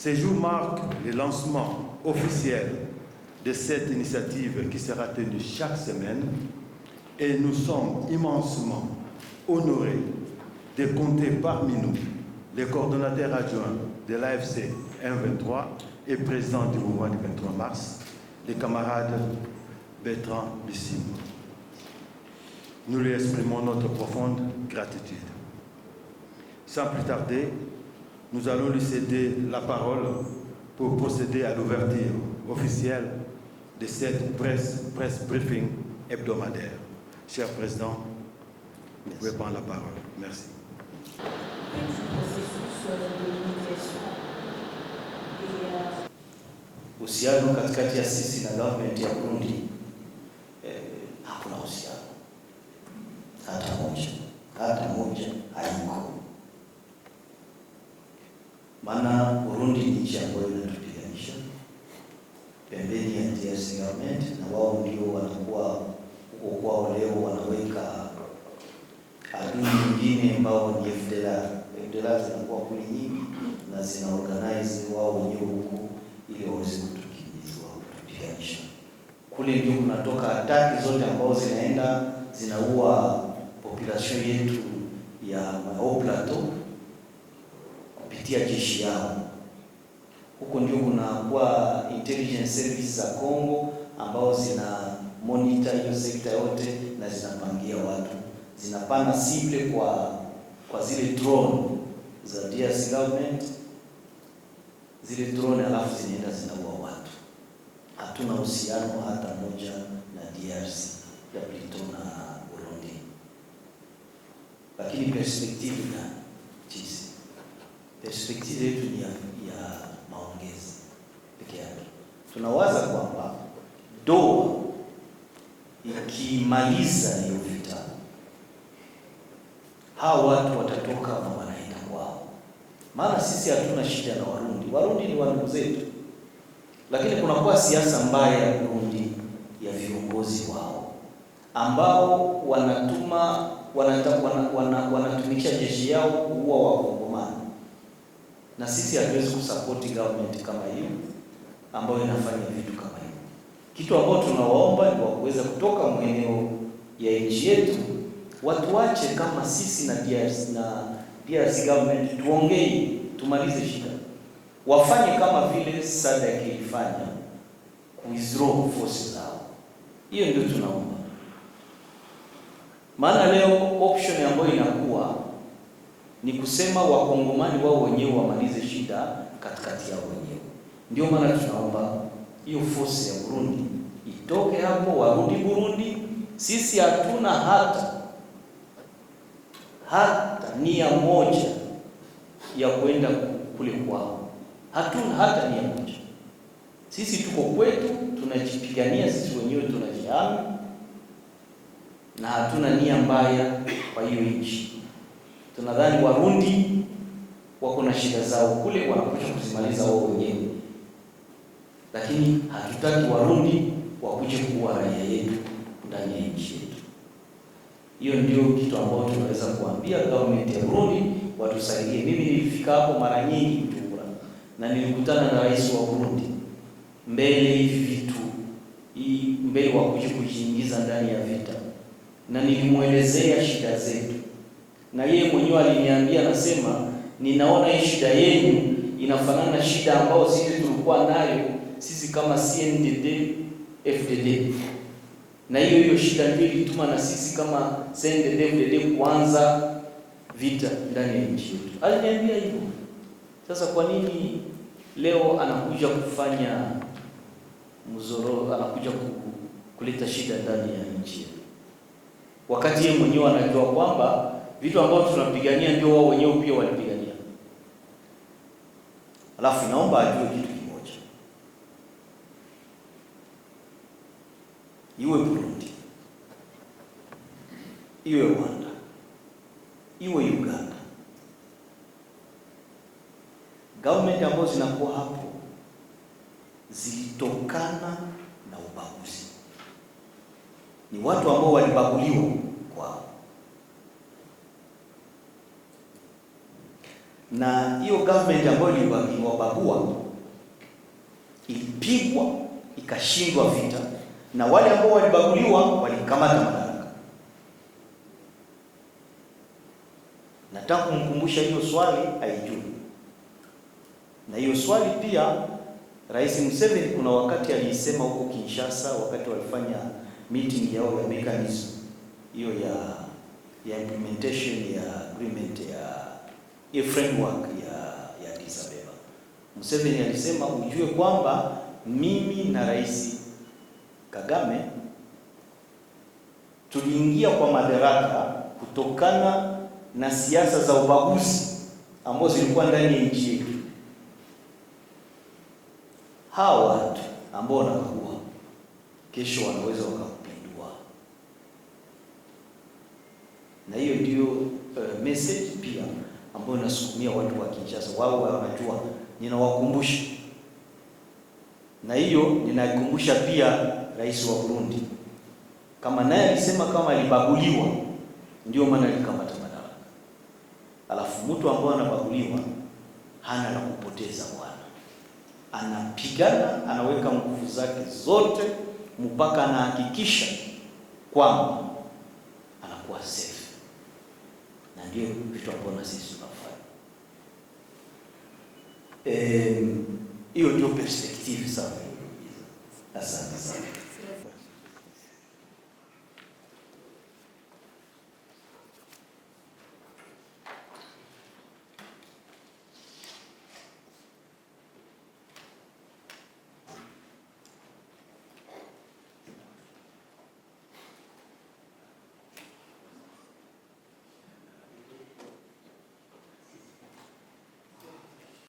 Ces jours marquent le lancement officiel de cette initiative qui sera tenue chaque semaine et nous sommes immensement honorés de compter parmi nous les coordonnateurs adjoints de l'AFC 123 et président du mouvement du 23 mars, les camarades Bertrand Bissimo. Nous lui exprimons notre profonde gratitude. Sans plus tarder, nous allons lui céder la parole pour procéder à l'ouverture officielle de cette presse, presse briefing hebdomadaire. Cher Président, vous pouvez prendre la parole. Merci. maana Burundi ni nchi ambayo inatupiganisha pembeni ya DRC government, na wao ndio wanakuwa huko kwao leo wanaweka adui nyingine ambao ni FDLR. FDLR zinakuwa kuli nyingi na zina organize wao wenyewe huko ili waweze kutukimbiza wao kutupiganisha kule, ndio kunatoka ataki zote ambazo zinaenda zinaua population yetu ya Haut Plateau kupitia jeshi yao. Huko ndio kunakuwa intelligence service za Kongo ambao zina monitor hiyo sekta yote na zinapangia watu, zinapana simple kwa kwa zile drone za DRC government, zile drone alafu zinaenda zinaua watu. Hatuna uhusiano hata moja na DRC ya Plito na Burundi, lakini perspective na jinsi perspektive yetu ni ya, ya maongezi peke yake. Tunawaza kwamba doa ikimaliza hiyo vita, hawa watu watatoka na wanaenda kwao, maana sisi hatuna shida na Warundi. Warundi ni wandugu zetu, lakini kunakuwa siasa mbaya ya Burundi ya viongozi wao ambao wanatuma wanatumikia wana, wana, jeshi yao kuua wao na sisi hatuwezi kusapoti government kama hiyo ambayo inafanya vitu kama hiyo. Kitu ambayo tunawaomba ni kuweza kutoka mweneo ya nchi yetu, watuache kama sisi na DRC, na DRC government tuongee, tumalize shida. Wafanye kama vile SADC ilifanya kuwithdraw forces zao. Hiyo ndio tunaomba, maana leo option ambayo inakuwa ni kusema wakongomani wao wenyewe wamalize shida katikati yao wenyewe. Ndio maana tunaomba hiyo force ya Burundi itoke hapo, warudi Burundi. Sisi hatuna hata hata nia moja ya kwenda kule kwao, hatuna hata nia moja. Sisi tuko kwetu, tunajipigania sisi wenyewe, tunajiami na hatuna nia mbaya kwa hiyo nchi tunadhani Warundi wako na shida zao kule, wanakuja kuzimaliza wao wenyewe, lakini hatutaki Warundi wakuje kuwa raia yetu ndani ya nchi yetu. Hiyo ndio kitu ambacho tunaweza kuambia government ya Burundi watusaidie. Mimi nilifika hapo mara nyingi Bujumbura, na nilikutana na rais wa Burundi mbele hivi vitu hii mbele, wakuje kujiingiza ndani ya vita, na nilimwelezea shida zetu na yeye mwenyewe aliniambia, anasema ninaona hii shida yenu inafanana na shida ambayo sisi tulikuwa nayo sisi kama CNDD FDD, na hiyo hiyo shida ndio ilituma na sisi kama CNDD FDD kuanza vita ndani ya nchi yetu. Aliniambia hivyo. Sasa kwa nini leo anakuja kufanya mzoro, anakuja kuleta shida ndani ya nchi yetu wakati yeye mwenyewe anajua kwamba vitu ambavyo tunapigania ndio wao wenyewe pia walipigania. Alafu naomba ajue kitu kimoja, iwe Burundi, iwe Rwanda, iwe Uganda, government ambazo zinakuwa hapo zilitokana na ubaguzi, ni watu ambao walibaguliwa kwao na hiyo government ambayo iliwabagua ilipigwa ikashindwa vita, na wale ambao walibaguliwa walikamata madaraka. Nataka kumkumbusha hiyo swali haijui, na hiyo swali pia Rais Museveni kuna wakati aliisema huko Kinshasa, wakati walifanya meeting yao ya mechanism hiyo ya ya implementation ya agreement ya ile framework ya ya Addis Ababa. Museveni alisema ujue kwamba mimi na Rais Kagame tuliingia kwa madaraka kutokana na siasa za ubaguzi ambazo zilikuwa ndani ya nchi yetu. Hawa watu ambao wanakuwa kesho wanaweza wakapindua, na hiyo ndio uh, message pia ambayo inasukumia watu wa Kinshasa, wao wanajua, ninawakumbusha na hiyo ninaikumbusha pia rais wa Burundi, kama naye alisema kama alibaguliwa, ndio maana alikamata madaraka. Alafu mtu ambaye anabaguliwa hana la kupoteza bwana, anapigana, anaweka nguvu zake zote mpaka anahakikisha kwamba anakuwa na ndio vitu ambavyo na sisi tunafanya. Hiyo ndio perspektivi sana. Asante sana.